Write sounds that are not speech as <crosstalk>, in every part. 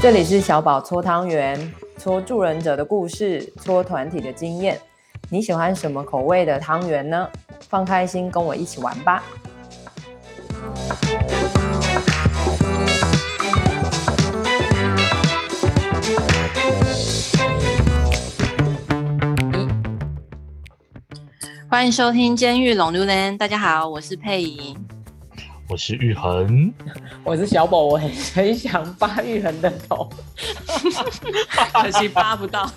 這裡是小寶搓湯圓、搓助人者的故事、搓團體的經驗。你喜歡什麼口味的湯圓呢？放開心，跟我一起玩吧！一、嗯，歡迎收聽《監獄浪流漣》。大家好，我是佩儀。我是玉衡，我是小寶，我很很想扒玉衡的頭， <laughs> 可惜扒不到，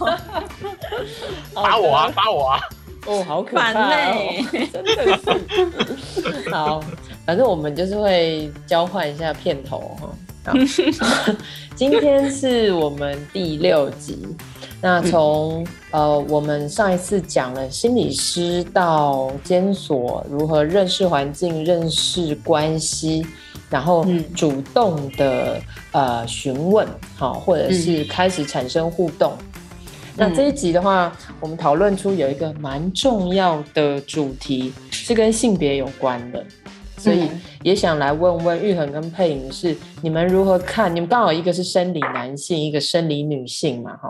扒 <laughs> 我啊，扒我啊！哦，好可怕、哦反，真的是。好，反正我們就是會交換一下片頭、哦、好， <laughs> 今天是我們第六集。那從、嗯、呃，我們上一次講了心理師到監所如何認識環境、認識關係，然後主動的、嗯、呃詢問，好、喔，或者是開始產生互動。嗯、那這一集的話，我們討論出有一個蠻重要的主題，是跟性別有關的，所以。嗯也想來問問玉衡跟佩穎是你們如何看？你們剛好一個是生理男性，一個生理女性嘛，哈，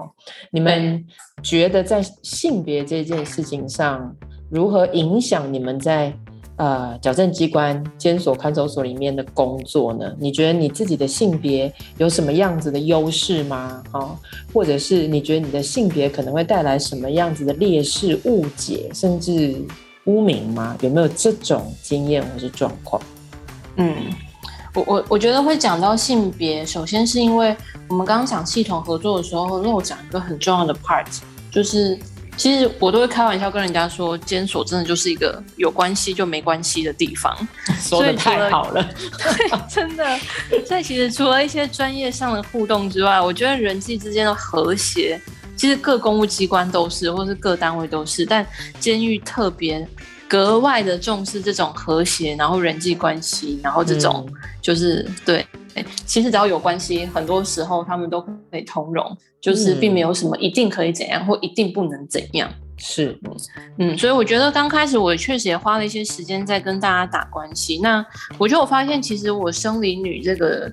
你們覺得在性別這件事情上，如何影響你們在呃矯正機關、監所、看守所裡面的工作呢？你覺得你自己的性別有什麼樣子的優勢嗎？哈，或者是你覺得你的性別可能會帶來什麼樣子的劣勢、誤解，甚至污名嗎？有沒有這種經驗或是狀況？嗯，我我我覺得會講到性別，首先是因為我們剛剛講系統合作的時候漏講一個很重要的 part，就是其實我都會開玩笑跟人家說，監所真的就是一個有關係就沒關係的地方，說得太好了對，真的。所以其實除了一些專業上的互動之外， <laughs> 我覺得人際之間的和諧，其實各公務機關都是，或是各單位都是，但監獄特別。格外的重視這種和諧，然後人際關係，然後這種、嗯、就是對，其實只要有關係，很多時候他們都可以通融，就是並沒有什麼一定可以怎樣、嗯、或一定不能怎樣。是，嗯，所以我覺得剛開始我確實也花了一些時間在跟大家打關係。那我覺得我發現，其實我生理女這個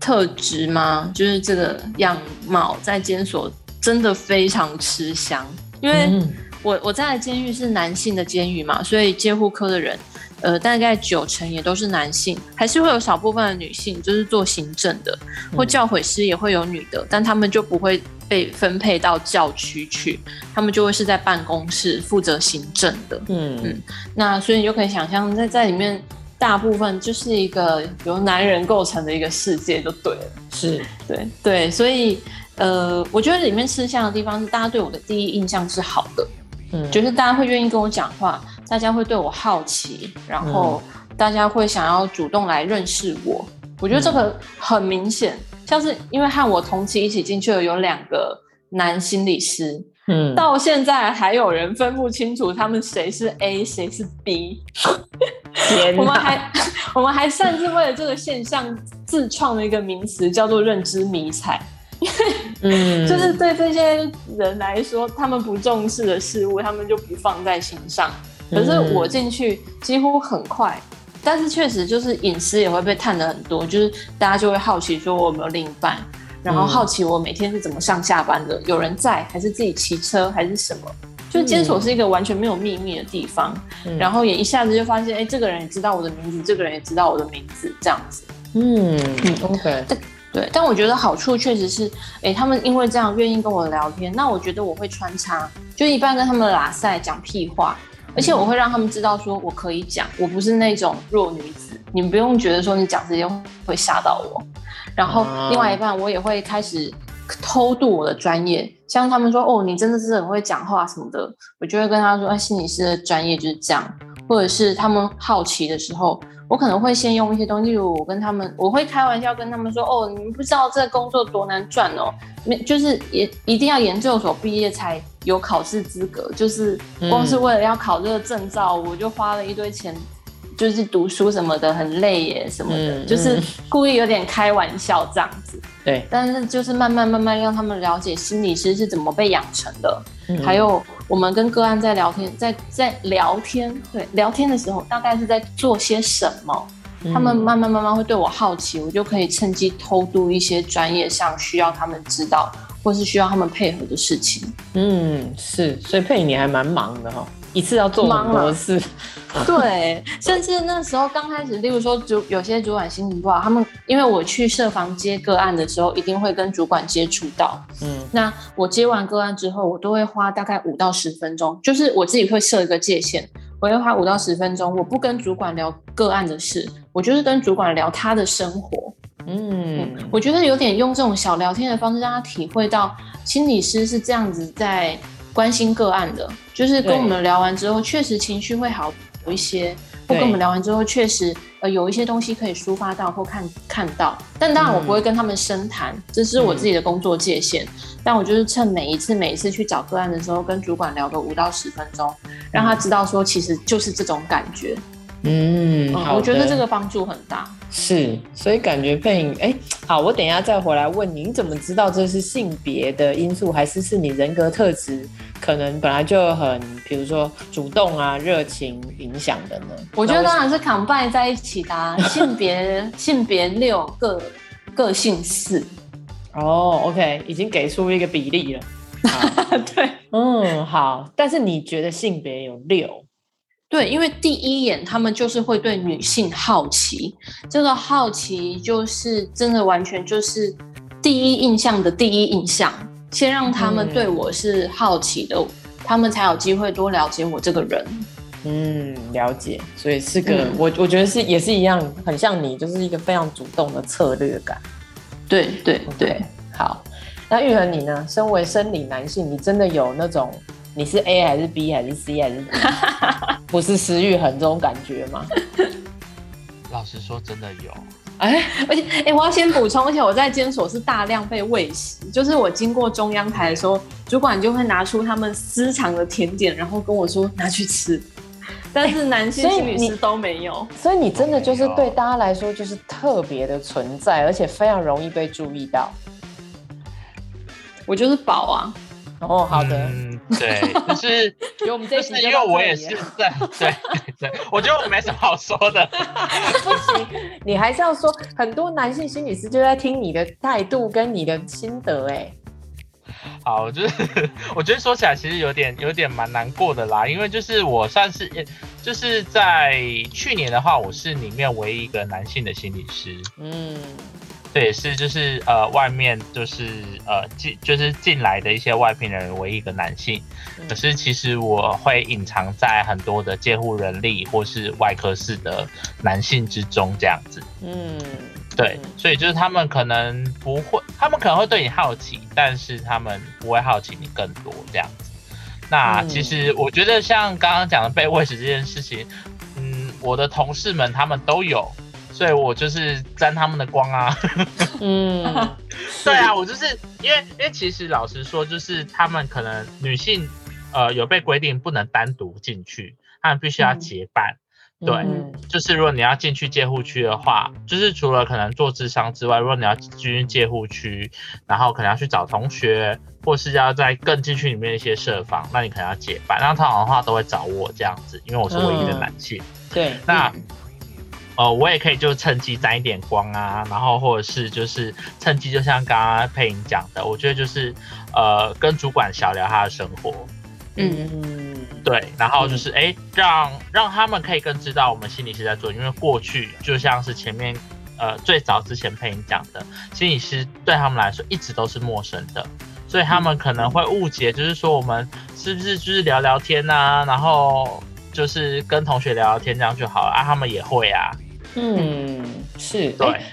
特質嘛，就是這個樣貌在監所真的非常吃香，因為、嗯。我我在監獄是男性的監獄嘛，所以監護科的人，呃，大概九成也都是男性，還是會有少部分的女性，就是做行政的，或教誨師也會有女的、嗯，但他們就不會被分配到教區去，他們就會是在辦公室負責行政的。嗯，嗯。那所以你就可以想象，在在裡面大部分就是一個由男人構成的一個世界，就對了、嗯。是，對，對，所以呃，我覺得裡面吃香的地方是大家對我的第一印象是好的。就是大家會願意跟我講話，大家會對我好奇，然後大家會想要主動來認識我。嗯、我覺得這個很明顯、嗯，像是因為和我同期一起進去的有兩個男心理師，嗯，到現在還有人分不清楚他們誰是 A 誰是 B。 <laughs> 天啊、 <laughs> 我們還我們還擅自為了這個現象自創了一個名詞，叫做認知迷彩。 <laughs> 嗯，就是對這些人來說，他們不重視的事物，他們就不放在心上。可是我進去幾乎很快，嗯、但是確實就是隱私也會被探得很多，就是大家就會好奇說我有沒有另一半，然後好奇我每天是怎麼上下班的，嗯、有人在還是自己騎車還是什麼？就監所是一個完全沒有秘密的地方，嗯、然後也一下子就發現，哎，這個人也知道我的名字，這個人也知道我的名字，這樣子。嗯，OK。對，但我覺得好處確實是，誒、欸，他們因為這樣願意跟我聊天，那我覺得我會穿插，就一半跟他們喇賽講屁話，而且我會讓他們知道說，我可以講，我不是那種弱女子，你們不用覺得說你講這些會嚇到我，然後另外一半我也會開始偷渡我的專業，像他們說哦，你真的是很會講話什麼的，我就會跟他說，哎、啊，心理師的專業就是這樣。或者是他們好奇的時候，我可能會先用一些東西，例如我跟他們，我會開玩笑跟他們說，哦，你們不知道這個工作多難賺哦，沒就是也一定要研究所畢業才有考試資格，就是光是為了要考這個證照、嗯，我就花了一堆錢，就是讀書什麼的很累耶，什麼的、嗯，就是故意有點開玩笑這樣子。對，但是就是慢慢慢慢讓他們了解心理師是怎麼被養成的，嗯嗯，還有，我們跟個案在聊天，在在聊天，對，聊天的時候，大概是在做些什麼？他們慢慢慢慢會對我好奇，我就可以趁機偷渡一些專業上需要他們知道或是需要他們配合的事情。嗯，是，所以佩你還蠻忙的哈、哦。一次要做什麼事，啊對？對，甚至那時候剛開始，例如說主有些主管心情不好，他們因為我去舍房接個案的時候，一定會跟主管接觸到。嗯，那我接完個案之後，我都會花大概五到十分鐘，就是我自己會設一個界限，我會花五到十分鐘，我不跟主管聊個案的事，我就是跟主管聊他的生活。嗯，嗯，我覺得有點用這種小聊天的方式，讓他體會到心理師是這樣子在。關心個案的，就是跟我們聊完之後，確實情緒會好有一些；或跟我們聊完之後，確實呃有一些東西可以抒發到，或看看到。但當然，我不會跟他們深談、嗯，這是我自己的工作界限。嗯、但我就是趁每一次每一次去找個案的時候，跟主管聊個五到十分鐘、嗯，讓他知道說，其實就是這種感覺。嗯，嗯我覺得這個幫助很大。是，所以感覺背影，哎、欸，好，我等一下再回來問你，你怎麼知道這是性別的因素，還是是你人格特質？可能本來就很，比如說主動啊、熱情、影響的呢。我覺得當然是 combine 在一起的、啊 <laughs> 性，性別性別六個個性四。哦、oh, OK，已經給出一個比例了。Uh, <laughs> 對，嗯，好。但是你覺得性別有六？對，因為第一眼他們就是會對女性好奇，這個好奇就是真的完全就是第一印象的第一印象。先讓他們對我是好奇的，嗯，他們才有機會多了解我這個人。嗯，了解，所以是個、嗯、我，我覺得是也是一樣，很像你，就是一個非常主動的策略感。對對、okay. 對，好。那玉恆你呢？身為生理男性，你真的有那種你是 A 還是 B 還是 C 還是什麼 <laughs> 不是是玉恆這種感覺嗎？ <laughs> 老實說，真的有。哎，而且，哎，我要先補充，而且我在監所是大量被餵食，就是我經過中央台的時候，主管就會拿出他們私藏的甜點，然後跟我說拿去吃。但是男性、哎、女士都沒有所。所以你真的就是對大家來說就是特別的存在，而且非常容易被注意到。我就是飽啊。哦，好的。嗯，對， <laughs> 可是 <laughs> 就是因為我們這些，因為我也是在， <laughs> 對對，對，我覺得我沒什麼好說的。 <laughs> 不行，你還是要說，很多男性心理師就在聽你的態度跟你的心得、欸，哎。好，就是我覺得說起來其實有點有點蠻難過的啦，因為就是我算是，就是在去年的話，我是裡面唯一一個男性的心理師。嗯。對，是就是呃，外面就是呃進就是進來的一些外聘人員，唯一一個男性、嗯。可是其實我會隱藏在很多的戒護人力或是外科室的男性之中，這樣子。嗯，對嗯，所以就是他們可能不會，他們可能會對你好奇，但是他們不會好奇你更多這樣子。那其實我覺得像剛剛講的被餵食這件事情，嗯，我的同事們他們都有。所以我就是沾他們的光啊，嗯， <laughs> 對啊，我就是因為，因為其實老實說，就是他們可能女性，呃，有被規定不能單獨進去，他們必須要結伴，嗯。對，嗯，就是如果你要進去監護區的話，就是除了可能做諮商之外，如果你要進去戒護區，然後可能要去找同學，或是要在更進去裡面一些設防，那你可能要結伴。那通常的話都會找我這樣子，因為我是唯一的男性。嗯、對，那。嗯呃，我也可以就趁機沾一點光啊，然後或者是就是趁機，就像剛剛佩穎講的，我覺得就是呃，跟主管小聊他的生活，嗯，對，然後就是哎、嗯欸，讓讓他們可以更知道我們心理師在做，因為過去就像是前面呃最早之前佩穎講的，心理師對他們來說一直都是陌生的，所以他們可能會誤解，就是說我們是不是就是聊聊天吶、啊，然後就是跟同學聊聊天這樣就好了啊，他們也會啊。嗯，是對。哎、欸 Right.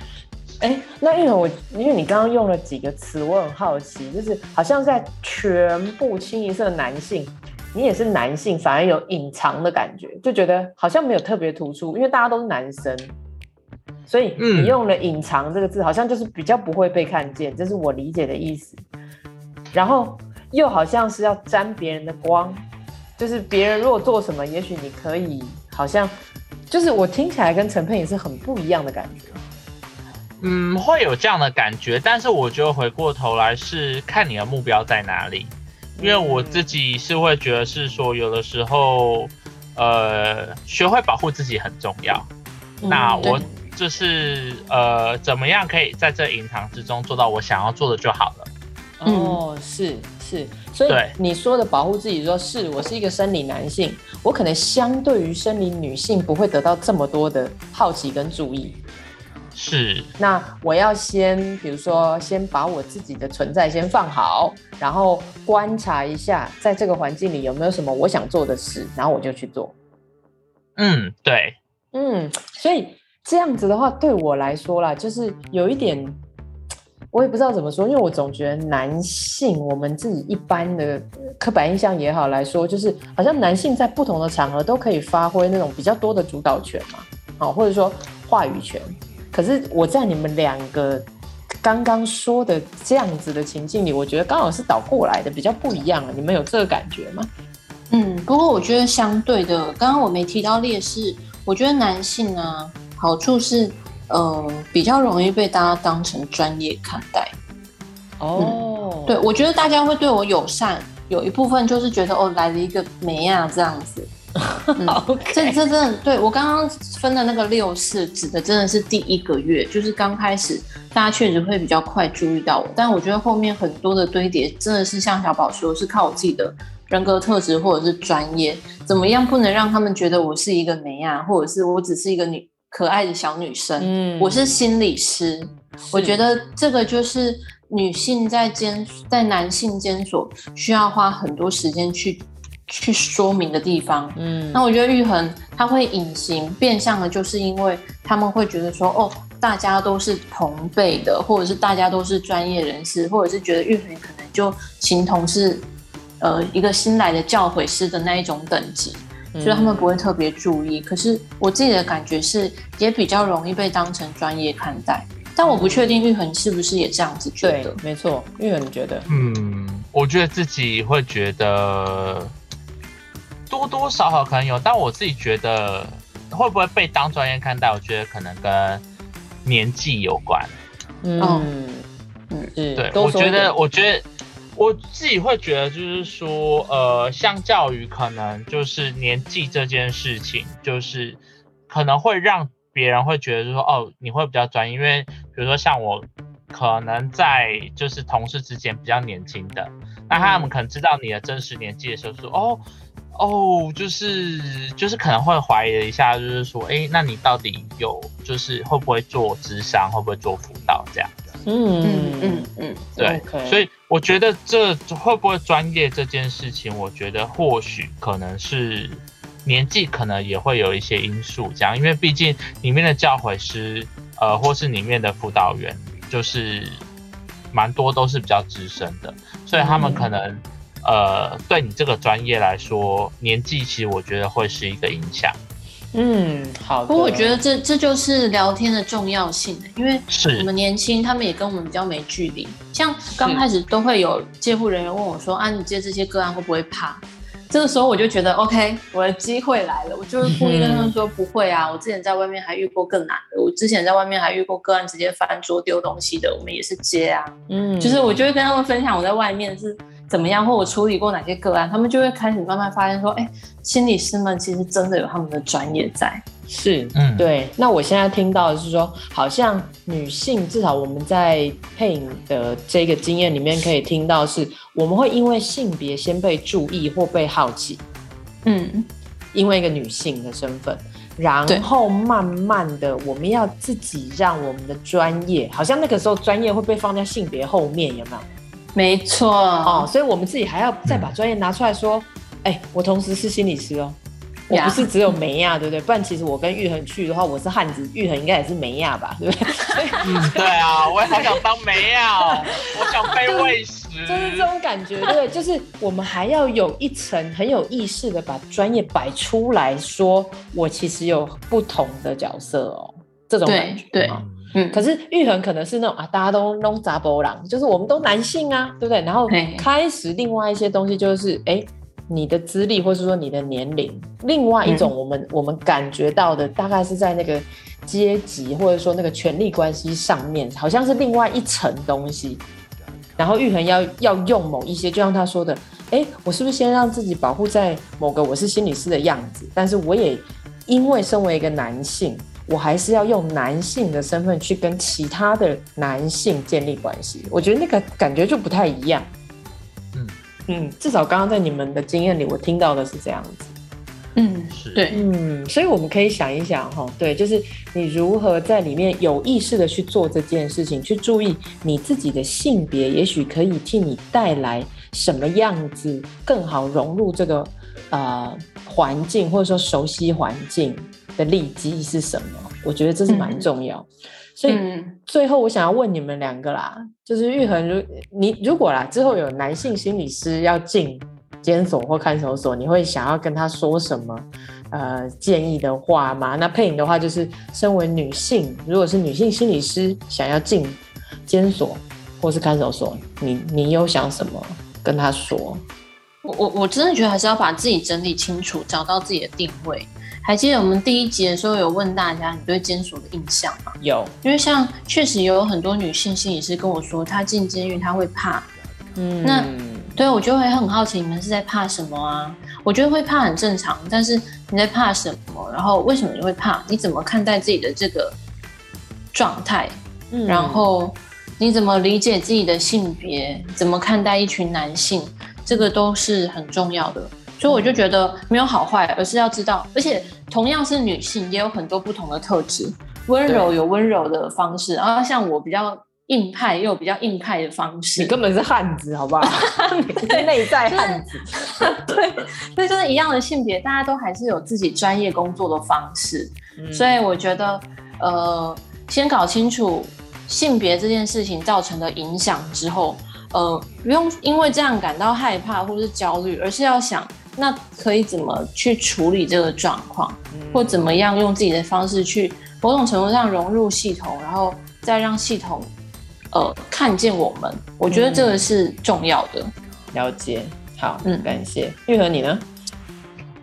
欸，那因為我因為你剛剛用了幾個詞，我很好奇，就是好像在全部清一色的男性，你也是男性，反而有隱藏的感覺，就覺得好像沒有特別突出，因為大家都是男生，所以你用了“隱藏”這個字、嗯，好像就是比較不會被看見，這是我理解的意思。然後又好像是要沾別人的光，就是別人如果做什麼，也許你可以好像。就是我聽起來跟陳佩也是很不一樣的感覺，嗯，會有這樣的感覺，但是我覺得回過頭來是看你的目標在哪裡，因為我自己是會覺得是說有的時候，呃，學會保護自己很重要。嗯、那我就是呃，怎麼樣可以在這隱藏之中做到我想要做的就好了。嗯、哦，是是。所以你說的保護自己說，說是我是一個生理男性，我可能相對於生理女性不會得到這麼多的好奇跟注意。是。那我要先，比如說，先把我自己的存在先放好，然後觀察一下，在這個環境裡有沒有什麼我想做的事，然後我就去做。嗯，對。嗯，所以這樣子的話，對我來說啦，就是有一點。我也不知道怎麼說，因為我總覺得男性，我們自己一般的刻板印象也好來說，就是好像男性在不同的場合都可以發揮那種比較多的主導權嘛，啊、哦，或者說話語權。可是我在你們兩個剛剛說的這樣子的情境裡，我覺得剛好是倒過來的，比較不一樣、啊。你們有這個感覺嗎？嗯，不過我覺得相對的，剛剛我沒提到劣勢，我覺得男性呢、啊、好處是。嗯、呃，比較容易被大家當成專業看待。哦、oh. 嗯，對，我覺得大家會對我友善，有一部分就是覺得哦來了一個妹呀這樣子。嗯、o、okay. 這這真的，對，我剛剛分的那個六四指的真的是第一個月，就是剛開始大家確實會比較快注意到我，但我覺得後面很多的堆疊真的是像小寶說，是靠我自己的人格特質或者是專業怎麼樣，不能讓他們覺得我是一個妹呀，或者是我只是一個女。可愛的小女生，嗯，我是心理師，我覺得這個就是女性在監在男性監所需要花很多時間去去說明的地方，嗯，那我覺得玉恆他會隱形變相的，就是因為他們會覺得說，哦，大家都是同輩的，或者是大家都是專業人士，或者是覺得玉恆可能就形同是呃一個新來的教誨師的那一種等級。所以他們不會特別注意，嗯，可是我自己的感覺是也比較容易被當成專業看待。但我不確定玉恆是不是也這樣子覺得？對，沒錯，玉恆覺得。嗯，我覺得自己會覺得多多少少可能有，但我自己覺得會不會被當專業看待，我覺得可能跟年紀有關。嗯嗯嗯，對，我覺得，我覺得。我自己會覺得，就是說，呃，相較於可能就是年紀這件事情，就是可能會讓別人會覺得，說，哦，你會比較專業，因為比如說像我，可能在就是同事之間比較年輕的，那他們可能知道你的真實年紀的時候，說，哦，哦，就是就是可能會懷疑一下，就是說，哎，那你到底有就是會不會做諮商，會不會做輔導這樣。嗯嗯嗯嗯，對，Okay. 所以我覺得這會不會專業這件事情，我覺得或許可能是年紀，可能也會有一些因素。這樣，因為畢竟裡面的教誨師，呃，或是裡面的輔導員，就是蠻多都是比較資深的，所以他們可能、嗯、呃，對你這個專業來說，年紀其實我覺得會是一個影響。嗯，好的。不過我覺得這這就是聊天的重要性，因為我們年輕，他們也跟我們比較沒距離。像剛開始都會有戒護人員問我說：“啊，你接這些個案會不會怕？”這個時候我就覺得 OK，我的機會來了。我就是故意跟他們說、嗯、不會啊，我之前在外面還遇過更難的。我之前在外面還遇過個案直接翻桌丟東西的，我們也是接啊。嗯，就是我就會跟他們分享我在外面是。怎麼樣？或我處理過哪些個案，他們就會開始慢慢發現說，哎、欸，心理師們其實真的有他們的專業在。是，嗯，對。那我現在聽到的是說，好像女性，至少我們在配影的、呃、這個經驗裡面可以聽到是，是我們會因為性別先被注意或被好奇。嗯。因為一個女性的身份，然後慢慢的，我們要自己讓我們的專業，好像那個時候專業會被放在性別後面，有沒有？沒錯哦，所以我們自己還要再把專業拿出來說，哎、嗯欸，我同時是心理師哦，我不是只有梅亞，對不對？不然其實我跟玉恆去的話，我是漢子，玉恆應該也是梅亞吧，對不對、嗯？對啊，我也好想當梅亞、哦， <laughs> 我想被餵食、就是，就是這種感覺。對不對？就是我們還要有一層很有意識的把專業擺出來說，我其實有不同的角色哦，這種感覺。對。對嗯，可是玉恆可能是那種啊，大家都弄雜波浪，就是我們都男性啊，對不對？然後開始另外一些東西，就是哎，你的資歷或是說你的年齡，另外一種我們、嗯、我們感覺到的，大概是在那個階級或者說那個權力關係上面，好像是另外一層東西。然後玉恆要要用某一些，就像他說的，哎，我是不是先讓自己保護在某個我是心理師的樣子，但是我也因為身為一個男性。我還是要用男性的身份去跟其他的男性建立關係，我覺得那個感覺就不太一樣。嗯嗯，至少剛剛在你們的經驗裡，我聽到的是這樣子。嗯，是對，嗯，所以我們可以想一想，齁，對，就是你如何在裡面有意識地去做這件事情，去注意你自己的性別，也許可以替你帶來什麼樣子更好融入這個呃環境，或者說熟悉環境的利基是什麼？我覺得這是蠻重要、嗯。所以最後我想要問你們兩個啦，就是玉恆，如你如果啦之後有男性心理師要進監所或看守所，你會想要跟他說什麼，呃，建議的話嗎？那佩穎的話就是，身為女性，如果是女性心理師想要進監所或是看守所，你你有想什麼跟他說？我我我真的覺得還是要把自己整理清楚，找到自己的定位。還記得我們第一集的時候有問大家你對監所的印象嗎？有，因為像確實有很多女性心理師跟我說，她進監獄她會怕的。嗯，那對我就會很好奇，你們是在怕什麼啊？我覺得會怕很正常，但是你在怕什麼？然後為什麼你會怕？你怎麼看待自己的這個狀態？嗯，然後你怎麼理解自己的性別？怎麼看待一群男性？這個都是很重要的。所以我就覺得沒有好壞，而是要知道，而且。同樣是女性，也有很多不同的特質。溫柔有溫柔的方式，然後像我比較硬派，也有比較硬派的方式。你根本是漢子，好不好？ <laughs> 對 <laughs> 你是內在漢子。 <laughs> 對，所以就是一樣的性別，大家都還是有自己專業工作的方式。嗯。所以我覺得，呃，先搞清楚性別這件事情造成的影響之後，呃，不用因為這樣感到害怕或是焦慮，而是要想。那可以怎麼去處理這個狀況，或怎麼樣用自己的方式去某種程度上融入系統，然後再讓系統，呃，看見我們，我覺得這個是重要的。嗯，了解，好，嗯，感謝。玉和你呢？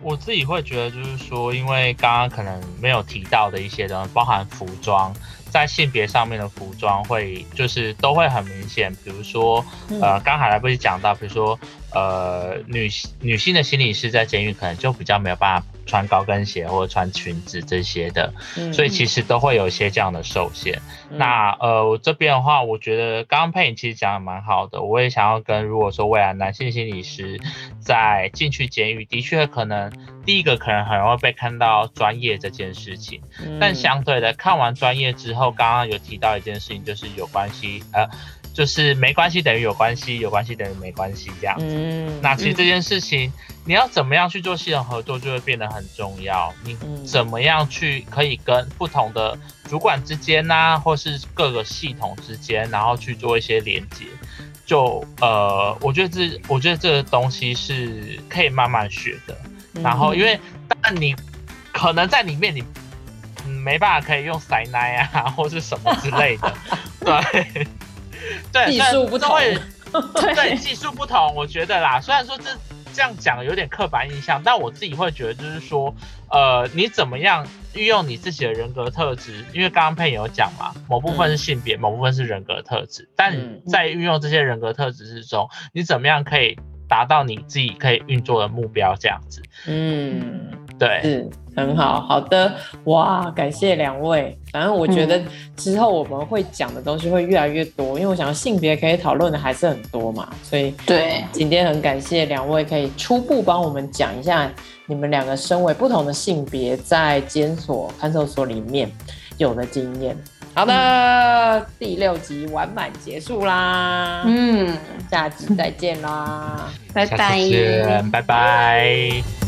我自己會覺得，就是說，因為剛剛可能沒有提到的一些東西，包含服裝，在性別上面的服裝會，就是都會很明顯。比如說，呃，剛才來不及講到，比如說。呃，女女性的心理師在監獄可能就比較沒有辦法穿高跟鞋或者穿裙子這些的，所以其實都會有一些這樣的受限。嗯、那呃，我這邊的話，我覺得剛剛佩穎其實講的蠻好的，我也想要跟如果說未來男性心理師在進去監獄，的確可能第一個可能很容易被看到專業這件事情，但相對的看完專業之後，剛剛有提到一件事情，就是有關係呃。就是沒關係等於有關係，有關係等於沒關係這樣子，嗯。那其實這件事情，嗯，你要怎麼樣去做系統合作，就會變得很重要。你怎麼樣去可以跟不同的主管之間吶，啊，或是各個系統之間，然後去做一些連接，就呃，我覺得這我覺得這個東西是可以慢慢學的。嗯，然後因為但你可能在裡面你，嗯，沒辦法可以用塞奈啊，或是什麼之類的， <laughs> 對。對，技術不同，對， <laughs> 對技術不同，我覺得啦。雖然說這這樣講有點刻板印象，但我自己會覺得，就是說，呃，你怎麼樣運用你自己的人格的特質？因為剛剛佩有講嘛，某部分是性別、嗯，某部分是人格特質，但在運用這些人格特質之中、嗯，你怎麼樣可以達到你自己可以運作的目標？這樣子，嗯，對。嗯很好，好的，哇，感謝兩位。反正我覺得之後我們會講的東西會越來越多，嗯、因為我想性別可以討論的還是很多嘛，所以對。今天很感謝兩位可以初步幫我們講一下你們兩個身為不同的性別在監所、看守所裡面有的經驗。好的、嗯，第六集完滿結束啦，嗯，下次再見啦， <laughs> 拜拜，拜拜。